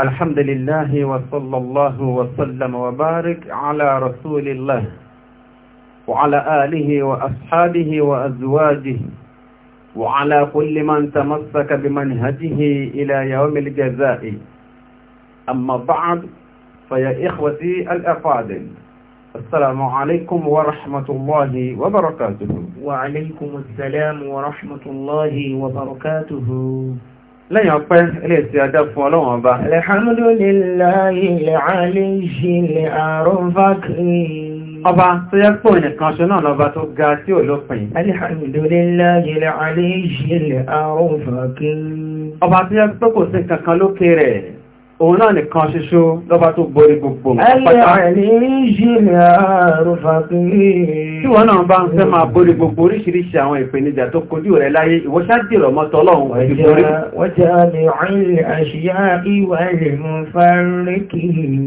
الحمد لله وصلى الله وسلم وبارك على رسول الله وعلى آله وأصحابه وأزواجه وعلى كل من تمسك بمنهجه إلى يوم الجزاء أما بعد فيا إخوتي الأفاضل السلام عليكم ورحمة الله وبركاته وعليكم السلام ورحمة الله وبركاته lẹ́yìn ọpẹ́ ilé ti adá fún ọlọ́run ọba. alhamdulillahi aliyil arọ́fàkì. ọba tó yẹ pò nìkan ṣe náà lọ́ba tó ga tí ò lópin. alhamdulillahi aliyil arọ́fàkì. ọba tó yẹ pé kò sí kankan lókè rẹ̀ òun náà nìkan ṣoṣo lọ́ba tó borí gbogbo pátá tí wọ́n náà bá ń fẹ́ máa borí gbogbo oríṣiríṣi àwọn ìpènijà tó kojú rẹ̀ láyé ìwọ́ṣá dìrọ̀ mọ́tọ́ ọlọ́run ti borí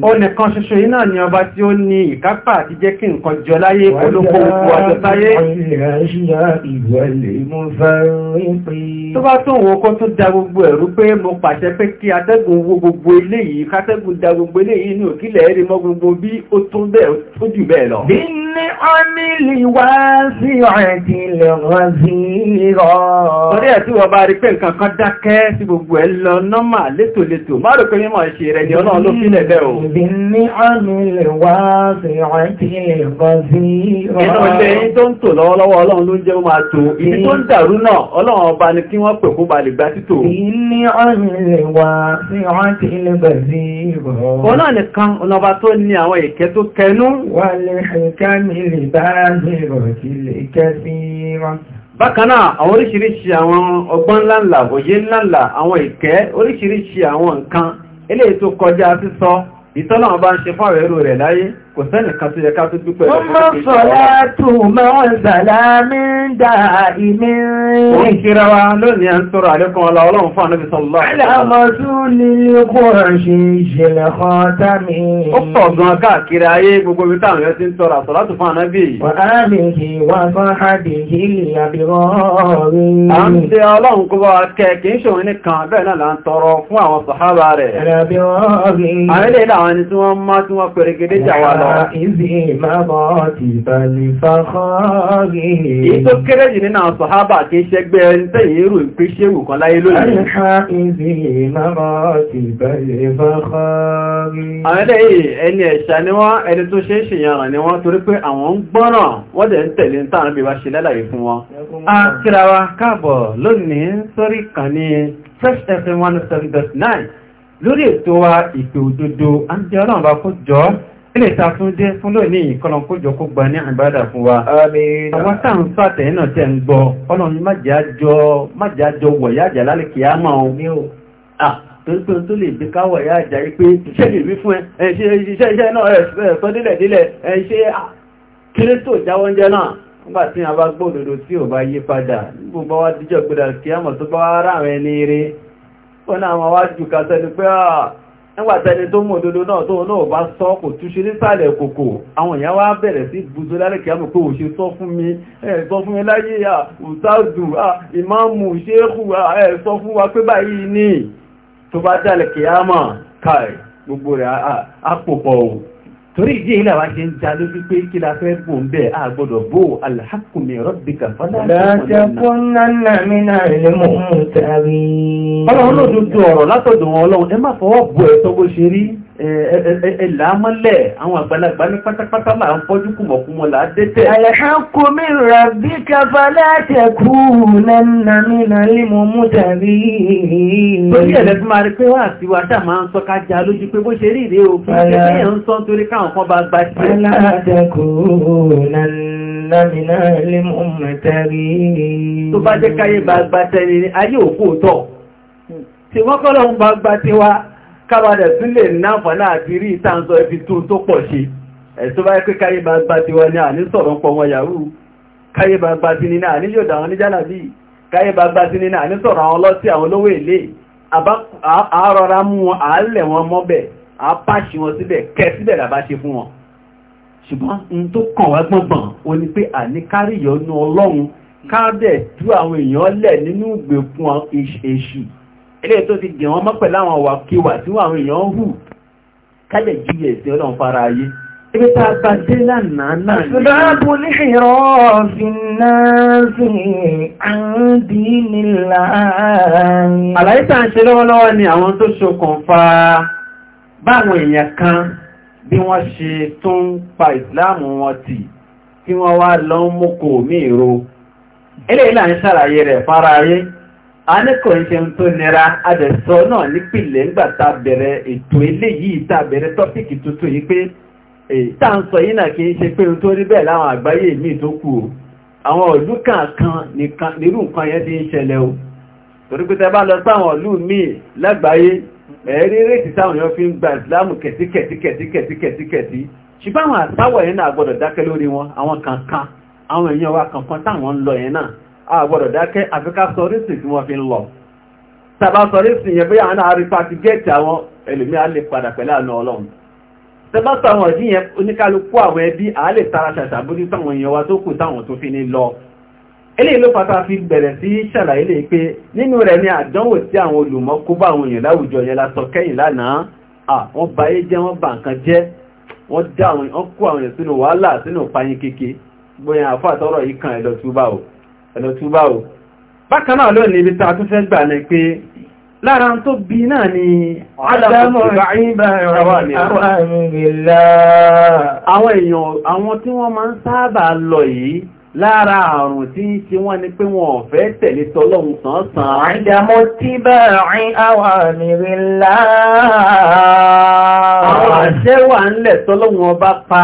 ó nìkan ṣoṣo iná ni ọba tí ó ní ìkápá àti jẹ́ kí nǹkan jọ láyé olóko àtọ́táyé tó bá tó wọ́n kó tó da gbogbo ẹ̀rú pé mo pàṣẹ pé kí atẹ́gùn wo gbogbo eléyìí kátẹ́gùn da gbogbo eléyìí ní òkílẹ̀ rí mọ́ gbogbo bí ó tó bẹ́ẹ̀ ó jù bẹ́ẹ̀ lọ. bí ní ọ́mílì wá sí ọ̀rẹ́dì lè rán sí rọ. torí ẹ̀ tí wọ́n bá rí pé nǹkan kan dákẹ́ sí gbogbo ẹ̀ lọ nọ́mà létòlétò má rò pé mímọ̀ ṣe rẹ̀ ni ọlọ́run ló fi lẹ̀bẹ̀ o. bí ní ọ́mílì wá sí ọ̀rẹ́dì lè rán sí rọ. inú ilé ba lè gbá títò. bí ní ọ́mílì Ọ̀nà nìkan ọ̀nàbà tó ní àwọn ìkẹ́ tó kẹnú. Wà lè ṣẹ̀ká mi lè bá mẹ́rọ̀ sí lè kẹ́ sí rán. Bákanáà, àwọn oríṣiríṣi àwọn ọgbọ́n ńláńlá, òye ńláńlá, àwọn ìkẹ́, oríṣiríṣi àwọn nǹkan, eléyìí tó kọjá sísọ, ìtọ́lọ́wọ́ bá ń ṣe fáwẹ̀ẹ́rù rẹ̀ láyé kò sẹ́nì kan tó yẹ ká tó dúpẹ́ lọ́pọ̀ mọ́ sọ́lá tó mọ́ ìgbàlá mi ń dà ìmí rí òun kíra wa lónìí à ń tọrọ àlékún ọlá ọlọ́run fún ànábì sọ́lá alámọ́sú lílé kó ṣe ìṣẹ̀lẹ̀ kan tàmí ó pọ̀ gan káàkiri ayé gbogbo ibi táwọn yẹn ti ń tọrọ àtọ̀lá tó fún ànábì wàhálìhì wà fún àdìhì àbírọ́ rí à ń tẹ ọlọ́run kó bá wa kẹ kì í ṣòwò nìkan bẹ́ẹ̀ náà là ń tọrọ fún àwọn sàhábà rẹ̀ àrílẹ̀ ilé àwọn ẹni tí wọ́n má tí wọ́n pèrègede jà wà lọ إذ مضت فالفخار Ètò kéré jì nínú àwọn sọ̀hábà kí ṣẹgbẹ́ ẹ̀ntẹ́yìn èrò ìpínṣẹ́wò kan láyé lónìí. Àwọn ẹlẹ́yìn ẹni ẹ̀ṣà ẹni tó A kíra wa káàbọ̀ lónìí kan Fresh FM 107.9 lórí ètò wa ìpè òdodo àti ọlọ́run kó jọ ilé ìtàtúndé fún lónìí ìkọlọ̀kójọ kó gba ní àbádà fún wa àwọn tàà ń fàtẹ̀ iná tẹ́ ń gbọ́ ọlọ́run májájọ wọ̀yájà lálẹ́kì àmà ohun tó tó lè bí káwọ̀ pé lè wí fún ẹ ṣe iṣẹ́ náà ṣe tó jáwọ́ oúnjẹ náà nígbà tí a bá gbọ́ padà bá wá díjọ́ gbọ́dọ̀ kí á mọ̀ tó bá wá rà eré náà nígbàtẹni tó mọ̀ òdodo náà tó náà bá sọ kò túnṣe nísàlẹ̀ kòkò àwọn èèyàn wá bẹ̀rẹ̀ sí gbùsọ lálẹ́kẹ̀ àmì pé òṣè sọ fún mi ẹ sọ fún mi láyé à òsáàdù à ìmáàmù ṣéèkù ẹ sọ fún wa pé báyìí ní tó bá dálẹ̀kẹ̀ àmà káì gbogbo rẹ̀ àpòpọ̀ torí ìdí ilé àwọn ṣe ń já lójú pé kí la fẹ́ bò ń bẹ́ àgbọ́dọ̀ bó alhaqqu min rabbika fọ́lá ṣe kò ẹ̀lámọ́lẹ̀ àwọn àgbàlagbà ní pátápátá là ń fọ́jú kùmọ̀kùmọ̀ là á dẹ́tẹ̀. alhaqqu min rabbika fala takunanna minal mumtarin. torí ẹ̀lẹ́ fi máa rí pé wà sí wa dà máa ń sọ ká já lójú pé bó ṣe rí ìrẹ́ o kí ẹ ń sọ torí káwọn kan bá gba tiẹ̀. fala takunanna tí wọ́n kábàdẹ̀ tún lè náàfàná àti rí ìtànsọ ibi tó tó pọ̀ ṣe ẹ̀tọ́ bá pé káyé bá gbá ti wọ́n ní àní sọ̀rọ̀ pọ̀ wọn yàrú káyé bá gbá ti nínú àní yóò dáwọn níjàlá bí káyé bá gbá ti nínú àní sọ̀rọ̀ àwọn ọlọ́tí àwọn olówó èlé àárọ̀rá mú wọn àálẹ̀ wọn mọ́bẹ̀ àpáṣì wọn síbẹ̀ kẹ́ síbẹ̀ làbá ṣe fún wọn ṣùgbọ́n n tó kàn wá gbọ̀ngbọ̀n o ní pé àní kárí ìyọnu ọlọ́run káàdẹ̀ tú àwọn èèyàn lẹ̀ nínú ìgbèkùn èṣù ilé tó ti dì wọ́n mọ́ pẹ̀lú àwọn wàkíwà tí àwọn èèyàn hù kálẹ̀ jí ẹ̀sìn ọlọ́run fara ayé ibi tá a bá dé lánàá náà ni. àṣìbáàbò ní ìrọ̀ fínáàsì àǹdí nílá. àlàyé tá à ń ṣe lọ́wọ́lọ́wọ́ ni àwọn tó ṣokùnfà báwọn èèyàn kan bí wọ́n ṣe tún pa ìsìláàmù a ní kò ń ṣe tó nira adẹ̀sọ náà nípìnlẹ̀ ńgbà tá bẹ̀rẹ̀ ètò eléyìí tá bẹ̀rẹ̀ tọ́pìkì tuntun yìí pé tá ń sọ yìí náà kì í ṣe pé ohun tó rí bẹ́ẹ̀ láwọn àgbáyé mi tó kù o àwọn ìlú kọ̀ọ̀kan nìkan nírú nǹkan yẹn ti ń ṣẹlẹ̀ o torí pé tẹ́ bá lọ sáwọn ìlú míì lágbàáyé ẹ̀rí rétí táwọn èèyàn fi ń gba ìsìláàmù kẹ̀tíkẹ̀tíkẹ̀tíkẹ̀tíkẹ̀tí ṣùgbọ́n àwọn àtàwọ̀ yẹn náà gbọ́dọ̀ dákẹ́ lórí wọn àwọn kankan àwọn èèyàn wa kankan táwọn ń lọ yẹn náà àgbọ̀dọ̀ dákẹ́ àfikà sọrísì tí wọ́n fi ń lọ tàbá sọrísì yẹn bí àwọn àrífà ti gẹ́ẹ̀tì àwọn ẹlòmí a lè padà pẹ̀lú àna ọlọ́run tàbá sàwọn ọ̀dí yẹn oníkálukú àwọn ẹbí a lè tara ṣàṣàbójú sáwọn ni àdánwò tí àwọn olùmọ̀ kó bá àwọn èèyàn láwùjọ yẹn la sọ kẹ́yìn lánàá à wọ́n ba ayé jẹ́ wọ́n ba nǹkan jẹ́ wọ́n dá àwọn kó àwọn èèyàn wàhálà sínú payín kéke gbóyan àfọ́ yìí kan ẹ̀ lọ ọ̀nà túbá o bákan náà lónìí ibi tá a tún fẹ́ gbà ní pé lára tó bí náà ni àwọn èèyàn àwọn tí wọ́n máa ń sábà lọ yìí lára àrùn tí ń ṣe wọ́n ni pé wọ́n fẹ́ tẹ̀lé tọ́lọ́hun sàn sàn àìdàmọ́ tí bẹ̀rin àwà mìírí láàá àwọn ń lẹ̀ tọ́lọ́hun ọba pa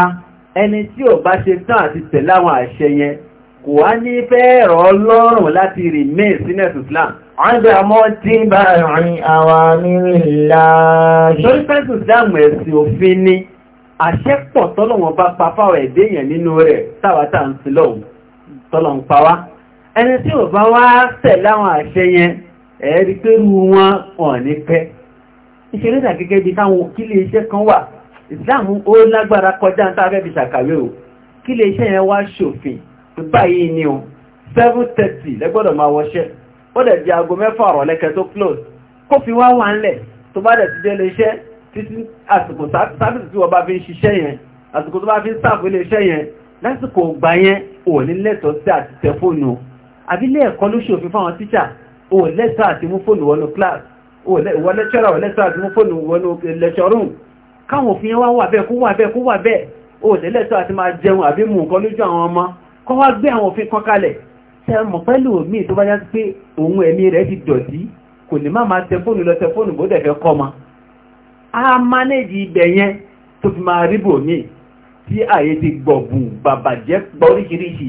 ẹni tí ò bá ṣe tán àti tẹ̀lé àṣẹ yẹn kò wá ní fẹ́ rọ̀ lọ́rùn láti rí mail sínẹ̀sì islam ọ̀dọ̀mọ́ tí bá rìn àwọn amírìnlá torí sínẹ̀sì islam ẹ̀sìn òfin ni àṣẹ́pọ̀ tọ́lọ̀wọ̀n bá papáwọ̀ ẹ̀dẹ́ èèyàn nínú rẹ̀ táwátà ń sí lọ́wọ́ tọ́lọ̀ ń pa wá ẹni tí ò bá wá tẹ̀ láwọn àṣẹ yẹn ẹ̀ẹ́rí pé rú wọn hàn ní pẹ́ ìṣeré dà gẹ́gẹ́ bí táwọn kílé iṣẹ́ yẹn wá ṣòfin báyìí ni o 7:30 lẹ́gbọ́dọ̀ máa wọṣẹ́ ó dẹ̀ di aago mẹ́fà rọ̀ lẹ́kẹ́ tó close kó fi wá wà ńlẹ̀ tó bá dẹ̀ ti jẹ́ lè iṣẹ́ títí àsìkò sábìsì tí wọ́n bá fi ń ṣiṣẹ́ yẹn àsìkò tó bá fi ń sáàfù ilé iṣẹ́ yẹn lásìkò gbà yẹn ò ní lẹ́tọ̀ọ́ sí àti tẹ fóònù o àbí ilé ẹ̀kọ́ ló ṣòfin fáwọn tíṣà ò lẹ́tọ̀ọ́ àti mú fóònù wọnú class ò lẹ́tọ̀ọ́ ò lẹ́tọ̀ọ́ àti mú fóònù wọnú eh, lecture room káwọn òfin yẹn wá wà bẹ́ẹ̀ kó wà bẹ́ẹ̀ kó wà bẹ́ẹ̀ ò lẹ́tọ̀ọ́ àti máa jẹun àbí mú nǹkan lójú àwọn ọmọ kọ́ wá gbé àwọn òfin kan kalẹ̀ tẹ mọ̀ pẹ́lú mi tó bá yá pé òun ẹ̀mí rẹ̀ ti dọ̀tí kò ní máa tẹ fóònù lọ tẹ fóònù bó dẹ̀fẹ́ kọ́ ma a mánéjì ibẹ̀ yẹn tó fi máa ríbò mi tí ààyè ti gbọ̀bùn bàbàjẹ́ gbọ́ríṣiríṣi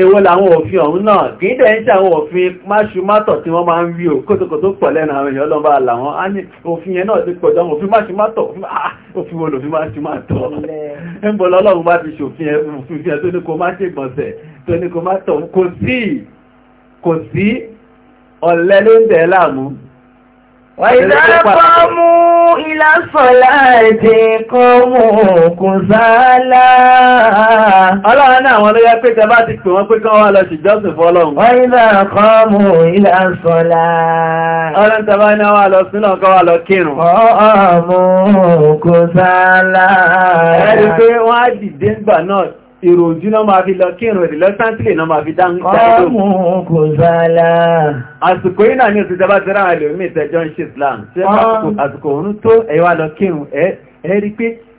èwo làwọn òfin ọ̀hún náà kì í dẹ̀ ń ṣe àwọn òfin máṣúmátọ̀ tí wọ́n máa ń rí o kótókò tó pọ̀ lẹ́nu àwọn èèyàn lọ́nà àlàwọn á ní òfin yẹn náà ti pọ̀ jọmọ̀ òfin máṣúmátọ̀ ah, òfin wo lòfin máṣúmátọ̀ ń bọ̀ lọ́lọ́run bá fi ṣòfin òfin tó ní kó má ṣe gbọ̀nsẹ̀ tó ní kó má tọ̀ kò sí kò sí ọ̀lẹ́ ló ń dẹ̀ láàmú. wà إلى صلاتكم كسالى Ọlọ́run náà wọn ló yẹ pé tẹ bá ti pè wọ́n pé kán wá lọ sí fọ́lọ́run. Wọ́n ìlà kọ́mù ìlà sọ́lá. Ọlọ́run tẹ ìròjú náà máa fi lọ kí ìrìn ìrìn lọ́sántìlẹ̀ náà máa fi dá ń tẹ́lú. ọmọ kò sálá. àsìkò yìí náà ní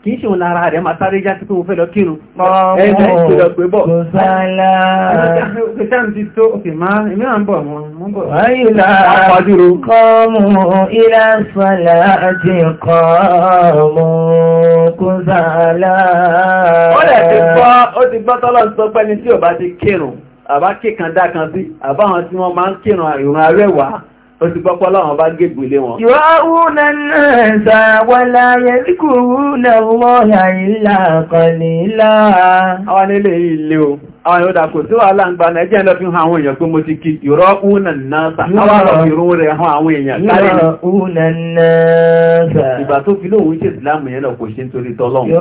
kì í ṣe òun lára rẹ̀ máa sáré já sí pé mo fẹ́ lọ kírun ẹgbẹ́ ìpìlọ̀ pé bọ̀ sálá ẹgbẹ́ ti tó òkè máa èmi à ń bọ̀ mọ́ bọ̀ ayílá àpàdúró kọ́mù ilá sálá àti kọ́mù kú sálá ó lẹ̀ ti gbọ́ ó ti gbọ́ tọ́lọ́ sọ pẹ́ni tí ò bá ti kírun àbá kíkan dá kan sí àbáwọn tí wọ́n máa ń kírun ìrun arẹ́wàá ó ti gbọ́pọ́ láwọn bá gègbè lé wọn. Yọ́rúnà náà sàwọ́lá yẹ kúrú náà wọ́n àìlà kan nílá. Àwọn nílé ilé o àwọn yóò dàkò tí wà láǹgbà náà lọ fi hàn àwọn èèyàn pé mo ti kí ìrọ́ únà náà àwọn rẹ̀ àwọn èèyàn láàrin ìgbà tó fi lóòun ṣe ìsìláàmù yẹn lọ kò ṣe nítorí tọ́lọ́run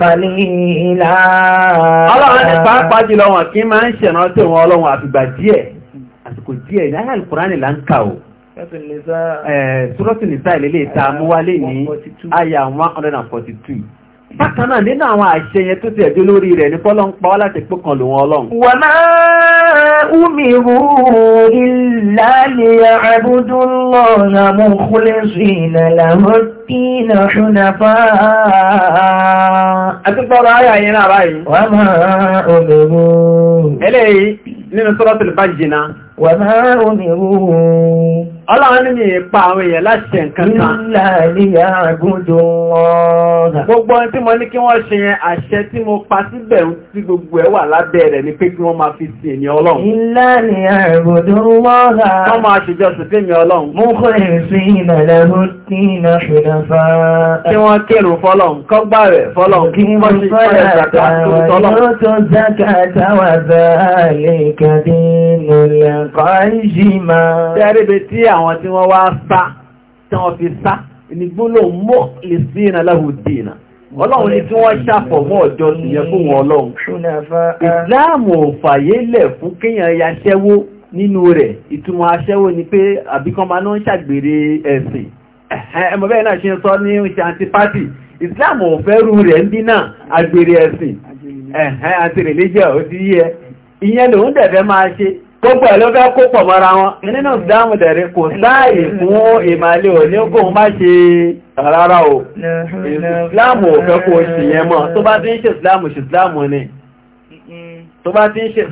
kalila àsìkò díẹ̀ ní ayáàlì kùránì là ń kà o Suratul Nisa ilé ìta amúwálé ní àyà 142 bákan náà nínú àwọn àṣẹ yẹn tó ti ẹ̀dọ́ lórí rẹ̀ ní fọ́lọ́ ń pa wá láti pé kan lòun ọlọ́run. wa ma umiru illa liya'budu Allaha mukhlisina lahu-d-dina hunafa'a. àti gbọ́dọ̀ ayà yẹn náà báyìí. wa ma umiru. eléyìí nínú suratul Bayyinah. wà máa ń rò Ọlọ́run ní mi pa àwọn èèyàn láti ṣe nǹkan kan. Láàríyà gúndò ọ̀nà. Gbogbo ohun tí mo ní kí wọ́n ṣe yẹn àṣẹ tí mo pa síbẹ̀ tí gbogbo ẹ̀ wà lábẹ́ rẹ̀ ni pé kí wọ́n máa fi sí èmi Ọlọ́run. Láàríyà gúndò ọ̀nà. Wọ́n àwọn tí wọ́n wá sá tí wọ́n fi sá ìnigbóló mọ́ lè sí ìrìnà láhùdínà ọlọ́run ni tí wọ́n ṣàfọ̀ mọ́ ọjọ́ ìyẹn fún wọn ọlọ́run ìsìláàmù ò fún kéèyàn yaṣẹ́wó nínú rẹ̀ ìtumọ̀ aṣẹ́wó ni pé àbíkan máa ń ṣàgbèrè ẹ̀sìn ẹmọ bẹ́ẹ̀ náà ṣe sọ ní ṣe antipati ìsìláàmù rẹ̀ ń àgbèrè gbogbo ẹ̀ ló fẹ́ kó pọ̀ mọ́ra wọn nínú hmm. ìdáhùn tẹ̀rí kò láàyè fún ìmàlẹ̀ òní ogun má ṣe rárá o ìsìláàmù ò fẹ́ kó ṣìyẹn mọ́ tó bá ti ń ṣe ìsìláàmù ṣe ìsìláàmù ni hmm. tó bá ti ń ṣe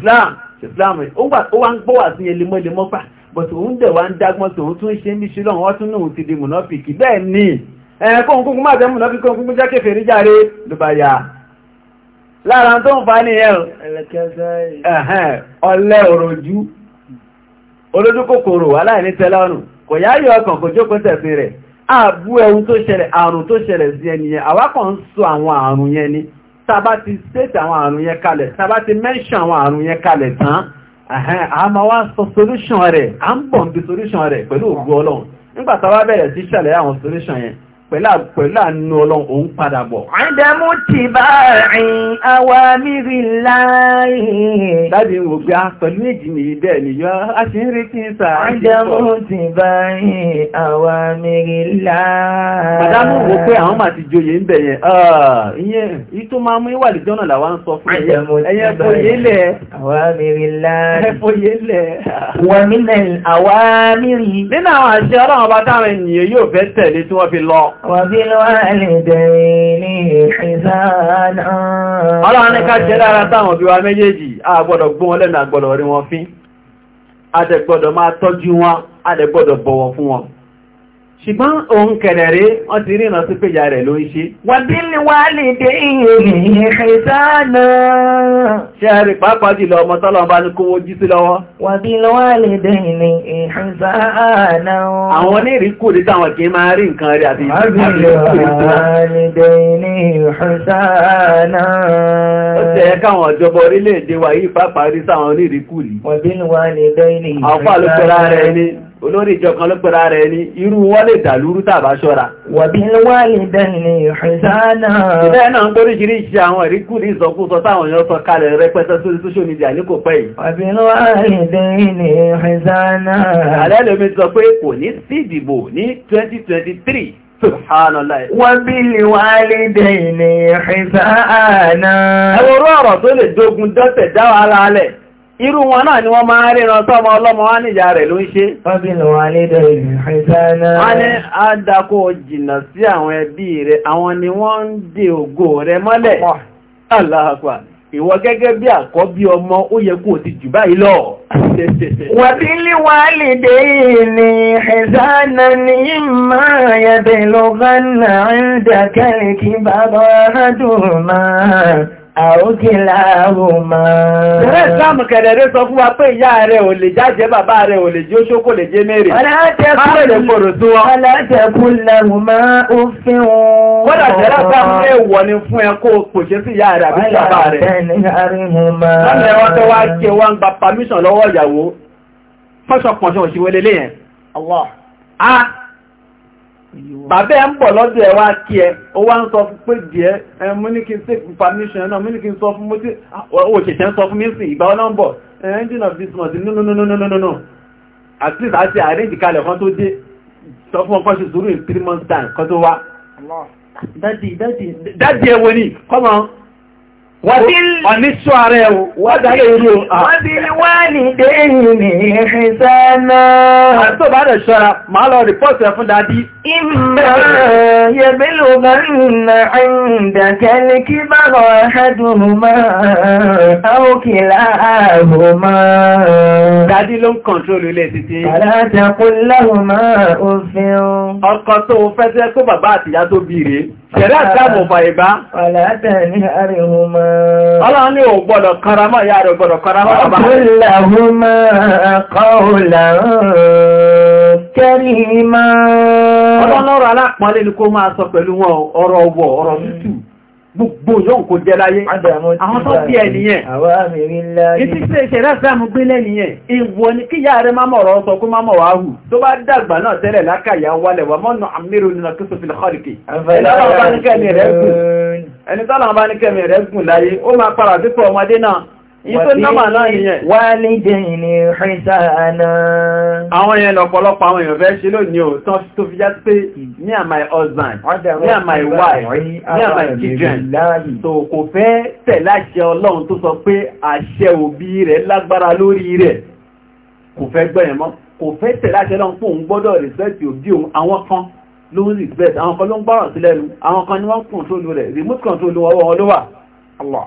ìsìláàmù ó wá ń gbọ́wà sí elémọ́lémọ́ pà but òun dẹ̀ wá ń dágbọ́n tó tún ṣe ń bí ṣílọ̀ wọ́n tún náà ti di mùnáfìkì bẹ́ẹ̀ ni ẹ̀ẹ́kọ́ lára tó ń fa ní ọlẹ́ òròjú olójú kòkòrò aláìní tẹ́lọ́rùn kò yáyọ ọkàn kò jókòó tẹ̀sí rẹ̀ ààbú ẹ̀hun tó ṣẹlẹ̀ àrùn tó ṣẹlẹ̀ sí ẹniyẹn ń sọ àwọn àrùn yẹn ni tàbá state àwọn àrùn yẹn kalẹ̀ tàbá ti àwọn àrùn yẹn kalẹ̀ solution rẹ̀ à rẹ̀ pẹ̀lú ọlọ́run nígbà tàbá bẹ̀rẹ̀ sí àwọn pẹ̀lú àánú ọlọ́run òun padà bọ̀. àdàmú ti bá rìn àwa mìírí láàyè. dáàbí wò gbé a ah, pẹ̀lú èjì nìyí bẹ́ẹ̀ nìyọ a ti ń retí sà. àdàmú ti bá rìn àwa mìírí láàyè. àdàmú wò pé àwọn máa ti joyè ń bẹ̀ yẹn ah, ìyẹn ìtò máa mú ìwà àdìjọ́ náà làwa ń sọ fún ẹ̀yẹ ẹ̀yẹ fòyélẹ̀. àwa ọlọ́run ní ká jẹ́ lára táwọn òbí wa méjèèjì a gbọ́dọ̀ gbọ́n wọn lẹ́nu a gbọ́dọ̀ rí wọn fín a dẹ̀ gbọ́dọ̀ máa tọ́jú wọn a dẹ̀ gbọ́dọ̀ bọ̀wọ̀ fún wọn ṣùgbọ́n òun kẹ̀rẹ̀ rí wọ́n ti rí ìrántí péjà rẹ̀ ló ń ṣe. wàbílì wà lè dé ìrìn ìṣẹ́sánà. ṣe a rí pàápàá jùlọ ọmọ tọ́lọ bá ní kówó jí sí lọ́wọ́. wàbílì wà lè dé ìrìn ìṣẹ́sánà. àwọn onírì kù ní táwọn kì í máa rí nǹkan rí àti olórí ìjọ kan ló pẹ̀rà rẹ̀ ní irú wọ́n lè dàlúrú tàbá ṣọ́ra. wàbí wà lè dẹ̀ni ìhùnsánà. ìbẹ́ náà ń social media ní kò pẹ́ yìí. wàbí wà lè dẹ̀ni ìhùnsánà. àlẹ́ lómi 2023 Subhanallah. Wọ́n bí lè wá lè dẹ̀ ìnìyàn ṣe sáà náà. Ẹwọ́rọ̀ ọ̀rọ̀ tó iru wọn náà ni wọ́n máa ríran sọ́mọ ọlọ́mọ wá níjà rẹ̀ ló ń ṣe wọ́n a àdàkò jìnnà sí àwọn ẹbí rẹ̀ àwọn ni wọ́n ń dè ògo rẹ̀ mọ́lẹ̀ ìwọ gẹ́gẹ́ bí àkọ́bí ọmọ ó yẹ kó ti jù báyìí lọ. àókèláàmùmá. Ìrẹ́ ìsáàmù kẹ̀rẹ̀rẹ́ sọ fún wa pé ìyá rẹ̀ ò lè jájẹ́ bàbá rẹ̀ ò lè jí ó ṣókò lè jẹ́ mẹ́rẹ̀. Ọlátẹ̀kún lẹ́mùmá ó fi wọn. Kọ́dà jẹ́rẹ́ sáàmù lè wọ ni fún ẹ kó pòṣẹ́ sí ìyá rẹ̀ àbí bàbá rẹ̀. Ọlátẹ̀kún lẹ́mùmá bàbá ẹ ń bọ̀ lọ́dọ̀ ẹ wá kí ẹ ó wá ń sọ fún pé díẹ̀ ẹ mú ní kí n take permission náà mú ní kí n sọ fún mú tí ṣẹ̀ṣẹ̀ ń sọ fún mi ìgbà ọ̀nà ń bọ̀ eh, of this month no no no no no no no at least àti arrange kalẹ̀ kan tó dé sọ fún ọkọ̀ ṣe sùúrù in three months time kan tó wá. dádì dádì dádì ẹ wo ni come on Ọ̀níṣọ́ ààrẹ wádàlẹ̀ irú àwádìíwádìí ní ìṣẹ́nà. Àtò bá rẹ̀ ṣọ́ra, máa lọ rìpọ́ọ̀tì ẹ̀ fún dádí. Ìmọ̀ yẹ̀bílò gánà àìdàkẹ́lẹ̀ kí bá rọ̀ ẹ̀ẹ́dùn mọ́ àwókìlá ààbò mọ́. Dádí ló ń kọ̀ntrólù ilé títí. Àlátẹ̀kùn láhùn máa òfin. Ọkọ̀ tó fẹ́ Ṣẹ̀rẹ́ àtàbò bàìbá. Ọ̀làtẹ̀ ní àríwú máa. Ọlọ́run ní ò gbọ́dọ̀ karamọ́, ìyá rẹ̀ gbọ́dọ̀ karamọ́. Ọ̀pọ̀lẹ̀hú máa kọ́ kẹ́rì máa. Ọlọ́run ọ̀rọ̀ alápọ̀lẹ́ ni gbogbo yóò kò jẹ láyé àwọn tó bí ẹniyàn ìtí sí ìṣẹ̀rẹ́ ìsìlámù gbé lẹ́niyàn ìwọ ni kí yà rẹ má mọ̀rọ̀ ọsọ kó má mọ̀ wá hù tó bá dàgbà náà tẹ́lẹ̀ lákàyà wálẹ̀ wà mọ́nà àmìrò nínú kíso fi lọ́kọ̀lìkì ẹni tọ́lọ̀ bá ní kẹ́mì rẹ̀ gùn láyé ó máa para sípò ọmọdé náà Wàlídẹ̀yìn ìrìnsàánà. Àwọn yẹn lọ̀pọ̀lọpọ̀ àwọn èèyàn fẹ́ ṣe lónìí ò tán tó fi já pé me and my husband, me and my wife, me and my children. So kò fẹ́ tẹ̀lé àṣẹ Ọlọ́run tó sọ pé àṣẹ òbí rẹ̀ lágbára lórí rẹ̀. Kò fẹ́ gbẹ̀yẹ̀ mọ́. Kò fẹ́ tẹ̀lé àṣẹ Ọlọ́run pé òun gbọ́dọ̀ respect òbí òun àwọn kan ló ń respect, àwọn kan ló ń gbọ́rọ̀ sí lẹ́nu, àwọn kan ni wọ́n control rẹ̀, remote control wọn wọ́n ló wà. Allah.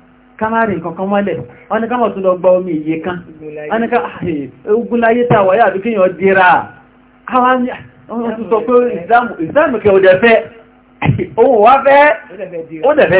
kamari nkankan mọ́lẹ̀ wọ́n ní kámọ̀ tún lọ gba omi iye kan wọ́n ní ká ah, eh, ogunláyé tàwà yà dúkí yàn dìra káwọn tún sọ pé ìsìlámù kẹ òdẹ̀fẹ́ ohun wá fẹ́ òdẹ̀fẹ́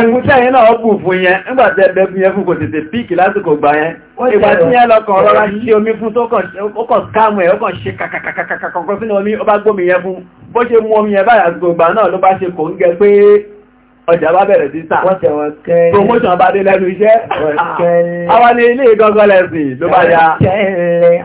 Ẹkùn tẹ́yìn náà bù fún yẹn, nígbà tẹ́ yẹn fún kò tètè píìkì lásìkò gbà yẹn. Ìgbà tí yẹn lọ kàn sí omi fún tó kàn káàmù ẹ̀, ó kàn ṣe kàkàkàkàkàkọ́ sínú omi, ó bá gbómi yẹn fún. Bó ṣe mú omi yẹn báyà gbogbo náà ló bá ṣe kò ń gẹ pé ọjà bá bẹ̀rẹ̀ sí tà. Promotion bá dé lẹ́nu iṣẹ́. Àwọn ní ilé ìgangan lẹ́sìn ló bá yá. Kẹ́lẹ̀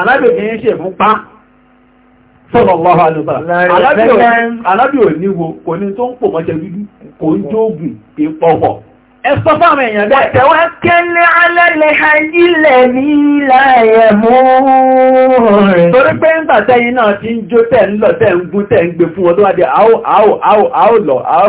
alábìkì ń ṣe fún pa sọ́lọ̀lọ́wọ́ alùbà alábì ò níwo kò ní tó ń pò mọ́ṣẹ́ dúdú kò ń jóògùn kì í pọ̀pọ̀ ẹ̀sọ́ fáwọn èèyàn bẹ́ẹ̀. tẹ̀wá kẹ́lẹ́ alẹ́lẹ́ ajílẹ̀ ní láyẹ̀ mú rẹ̀. torí pé ń tàtẹ́yìn náà ti ń jó tẹ̀ ń lọ tẹ̀ ń gún tẹ̀ ń gbé fún ọdún wájú àó àó àó lọ àó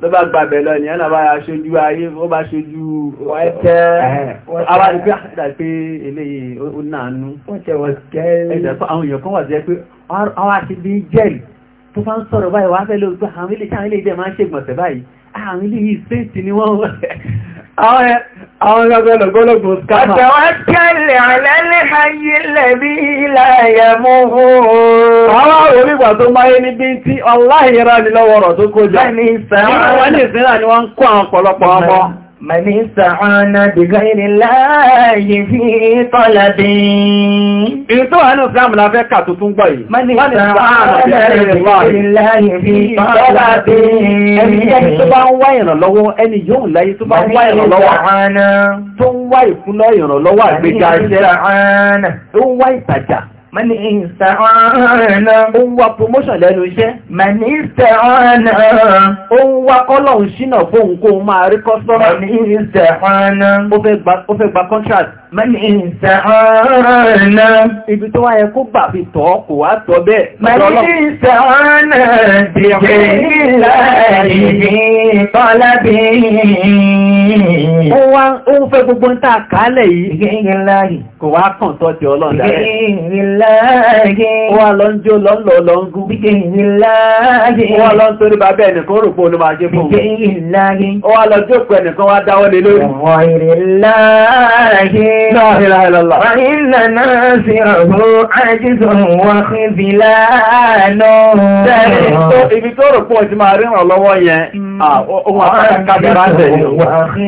tó bá gbàbẹ̀ lọ nìyàn náà bá ṣojú ayé ó bá ṣojú ọ̀ẹ́tẹ́ awárípé àdàpé eléyìí ó nàánú àwọn èèyàn kan wà sí ẹ pé àwọn àti bí jẹ́rì tó bá ń sọ̀rọ̀ báyìí wá fẹ́ lóògbà àwọn ilé ìjẹ́ máa ń ṣègbọ̀nsẹ̀ báyìí àwọn ilé yìí àwọn ọlọ́gbọ́lọ́gbọ́ skáàmà. Àtàwákẹ́lẹ̀ àlẹ́lẹ́ ayé lẹ́bí ìlàyẹ̀ mú ooo. Àwọn orí ìgbà tó máyé níbi tí ọláhìírá ni tó kó jẹ. من استعان بغير الله في طلب ètò àánú islam la fẹ́ kà tuntun gbọ́ yìí wọ́n ni ẹni tó bá ń wá ìrànlọ́wọ́ ẹni yóò láyé tó bá ń wá ìrànlọ́wọ́ tó ń wá ìkúnlọ́ ìrànlọ́wọ́ àgbéga iṣẹ́ tó ń wá ìtajà mani ìsàánà ó ń promotion lẹ́nu iṣẹ́ mani ìsàánà ó ń wá kọ́lọ̀ òṣìnà fóun kó máa rí kọ́sọ́rọ̀ mani ìsàánà ó fẹ́ gba contract mani ìsàánà ibi tó wáyé kó gbà fi tọ́ kò wá tọ́ bẹ́ẹ̀ mani ìsàánà dìde nílẹ̀ ìdí tọ́lábìnrin ó wá ó ń fẹ́ gbogbo ń tà kálẹ̀ yìí kò wá kàn tọ́ di ọlọ́dà rẹ̀ ó wá lọ ń jó lọ́nlọ́ lọ́ngú Ibi tó rò pọ̀ ti máa ríran lọ́wọ́ yẹn, ohun àpáta kábẹ̀rẹ̀ àtẹ̀yìn.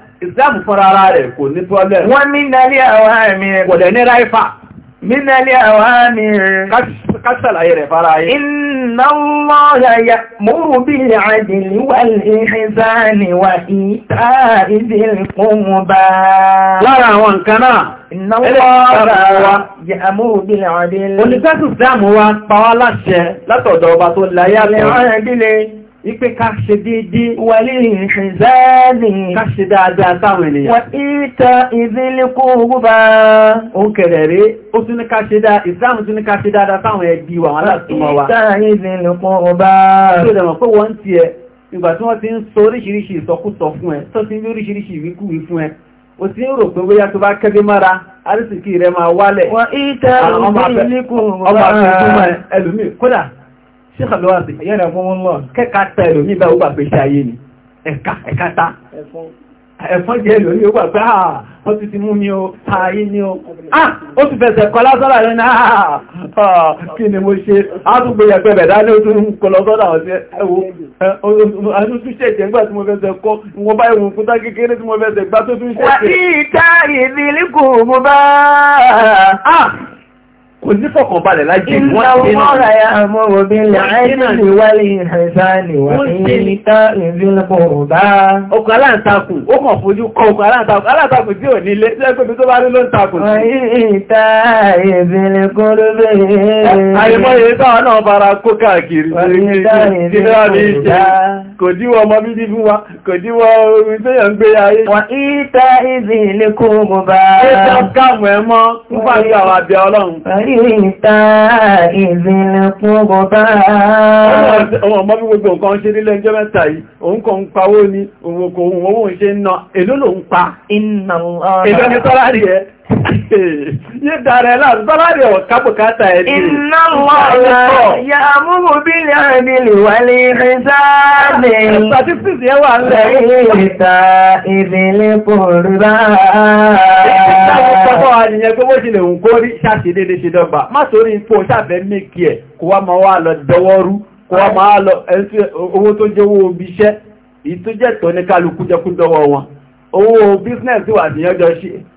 Islam fúnra ara rẹ̀ kò ní problem. Wọ́n ní nálẹ́ àwọn àmì rẹ̀. Kò dẹ̀ ní ráìfà. Mínálẹ́ àwọn àmì rẹ̀. Kásàlàyé rẹ̀ fara ayé. Inna Allaha ya'muru bil 'adli wal ihsani wa ita'i dhil qurba. Lára àwọn nǹkan náà, Inna Allaha ya'muru bil 'adli. Oníkásù Islam wa pa wá láṣẹ látọ̀dọ̀ ọba tó láyé àtọ̀. Ipe ká ṣe dédé. Wàlé ìṣẹ̀záàlì. Ká ṣe dáadáa sáwọn ènìyàn. Wà ìta ìdílékó gbúbá. Ó kẹ̀rẹ̀ rí, ó tún ní ká ṣe dáa, ìsìláàmù tún ní ká ṣe dáadáa sáwọn ẹbí wa, wọn aláàtúmọ̀ wa. Ìta ìdílékó gbúbá. Ṣé pé wọ́n ti ẹ, ìgbà tí wọ́n ti ń ṣíkà lọ́wọ́ àti yẹ́nà fún wọn lọ kẹ́kà ta ẹlòmí bá wọ́pà pé ṣe ayé ni ẹ̀ka ẹ̀ka ta ẹ̀fọn jẹ́ ẹlòmí wọ́pà pé à ah, wọ́n ti ti mú mi o ta ni o ah ó ti fẹsẹ̀ kọ lásọ́là rẹ̀ náà ah, ah, kí ni mo ṣe átúgbò yẹ̀pẹ̀ bẹ̀dá ní oṣù kọ lọ́sọ́là ọ̀sẹ̀ ẹ̀wò àtúntú ṣẹ̀ṣẹ̀ nígbà tí mo fẹsẹ̀ kọ wọn bá ìwọ̀n kúta kékeré tí mo fẹsẹ̀ gbá tó tún ṣẹ̀ṣẹ̀ kò ní fọ̀kànbalẹ̀ láyé wọ́n tí náà wọ́n ráyà àmọ́rò bí láàrín ìwálé ìhẹ̀sáàlì wà ní níta ìrìnlẹ́pọ̀rọ̀dá okùn aláǹtakùn ó kàn fojú kọ okùn aláǹtakùn aláǹtakùn tí ò ní ilé tí ẹgbẹ́ tó bá rí ló ń takùn Kò díwọ ọmọ bíbí fún wa, kò díwọ orin tó yàn gbé ayé. Wà ìta ìzì ilé kó mọ̀ bá. Ẹ jọ káàmù ẹmọ́ ń fàájú àwọn àbẹ̀ ọlọ́run ìta ìzìnlẹ̀ fún ọgbọ̀bá. Ọmọ ọmọ bí gbogbo nǹkan ṣe nílẹ̀ ẹjọ́ mẹ́ta yìí, òun kàn ń pawó ni, òun kò òun òun ṣe ń na, èló ló ń pa. Ìnà Yé dára láà sọ́láàrẹ̀ ọ̀kápùkátà ẹni. Iná lọ́rọ̀ ya múrù bí lè rẹ̀bí lè wà lè rẹ̀ sáàbẹ̀. Statistics yẹ wà lẹ̀. Ìrìta ìbílẹ̀ pòrúbá. Ìtàkùnkọ́ wà nìyẹn pé bó ṣe lè hùn kórí ṣàṣìdédé ṣe dọ́gba. Má sórí ipò ṣàfẹ́ mẹ́kì ẹ̀ kó wá máa wá lọ dọwọ́rú, kó wá máa lọ owó tó jẹ́ owó obi iṣẹ́, ìtújẹ́ ní kálukú jẹ́kú dọ́wọ́ wọn. Owó business wà nìyẹn ṣe.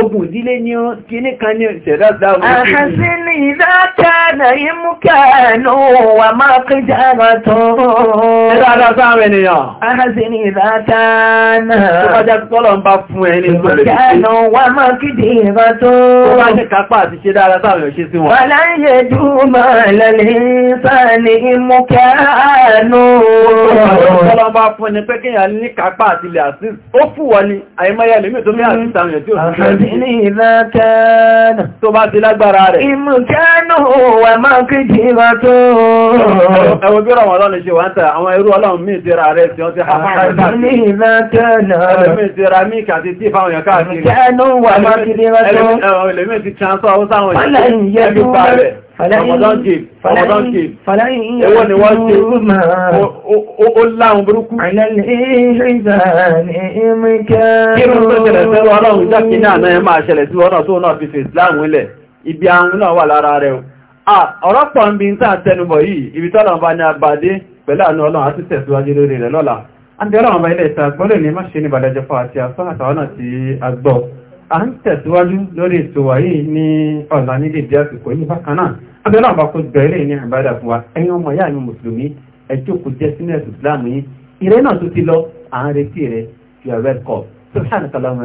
ogun ìdílé ní ó kíní kan ní ìṣẹ̀dá dáwọn ọmọ ìṣẹ̀dá ní ìdáta náà yí mú kẹ́ẹ̀lú wà máa kí jára tó ẹ̀dáadáa sáwọn ènìyàn ahàzí ní ìdáta náà tó bá jẹ́ tọ́lọ̀ ń bá fún ẹni kẹ́ẹ̀lú wà máa kí jára tó tó bá ṣe kápá àti ṣe dáadáa sáwọn ènìyàn ṣe sí wọn aláyé dúmọ̀ lẹ́lẹ́ sáni mú kẹ́ẹ̀lú tọ́lọ̀ ń bá fún ẹni pé kéèyàn ní kápá àti ilẹ̀ àti ó fún wọn ni àìmọ́yà lèmi tó mẹ́ àti ìtàwọn ènìyàn tí bìíní ìlàkánà. Tó bá ti lágbára rẹ̀. Ìmùkánù wà máa kí jí wá tó. Ẹwọ bí ọ̀rọ̀ ọlọ́run ṣe wá ń tà àwọn irú ọlọ́run mí ìtira rẹ̀ tí wọ́n ti ha máa ń tà. Bìíní ìlàkánà. Ẹlẹ́mí ìtira mí kàti tí fáwọn èèyàn káàkiri. Ìmùkánù wà máa kí jí wá tó. Ẹlẹ́mí ti transfer ó sáwọn èèyàn. Ramadan gave, Ramadan gave. Ewọ́ ni wọ́n ṣe, ó láhun burúkú. Kírun tó ṣẹlẹ̀ sẹ́rọ ọlọ́run ìjákí ní àná ẹ máa ṣẹlẹ̀ sí ọ̀nà tó náà fi fèsì láàrùn ilẹ̀. Ibi ahun náà wà lára rẹ̀. Ọ̀rọ̀pọ̀ ń bí ń tàn tẹnumọ̀ yìí, ibi tọ́lọ̀ bá ní abàdé pẹ̀lú àánú ọlọ́run àti tẹ̀síwájú lórí rẹ̀ lọ́la. Àndẹ́rọ̀ ọmọ ilẹ̀ ìtàgbọ́lẹ̀ ni má ṣe ní bàdájọ́ fún àti àṣọ́ àtàwọn a ń tẹ̀síwájú lórí ètò wáyé ní ọ̀la nílé ìdí àsìkò yìí bákan náà abẹ́lá àbá kó bẹ̀rẹ̀ ní àbádà fún wa ẹ̀yin ọmọ ìyá mi mùsùlùmí ẹjọ́ kò jẹ́ sínú ẹ̀sùn islam yìí ìrẹ́ náà tó ti lọ à ń retí rẹ̀ fi a welcome subhanaka allahumma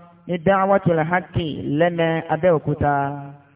ní dáwọ́tò làhákì lẹ́mẹ́ abẹ́òkúta.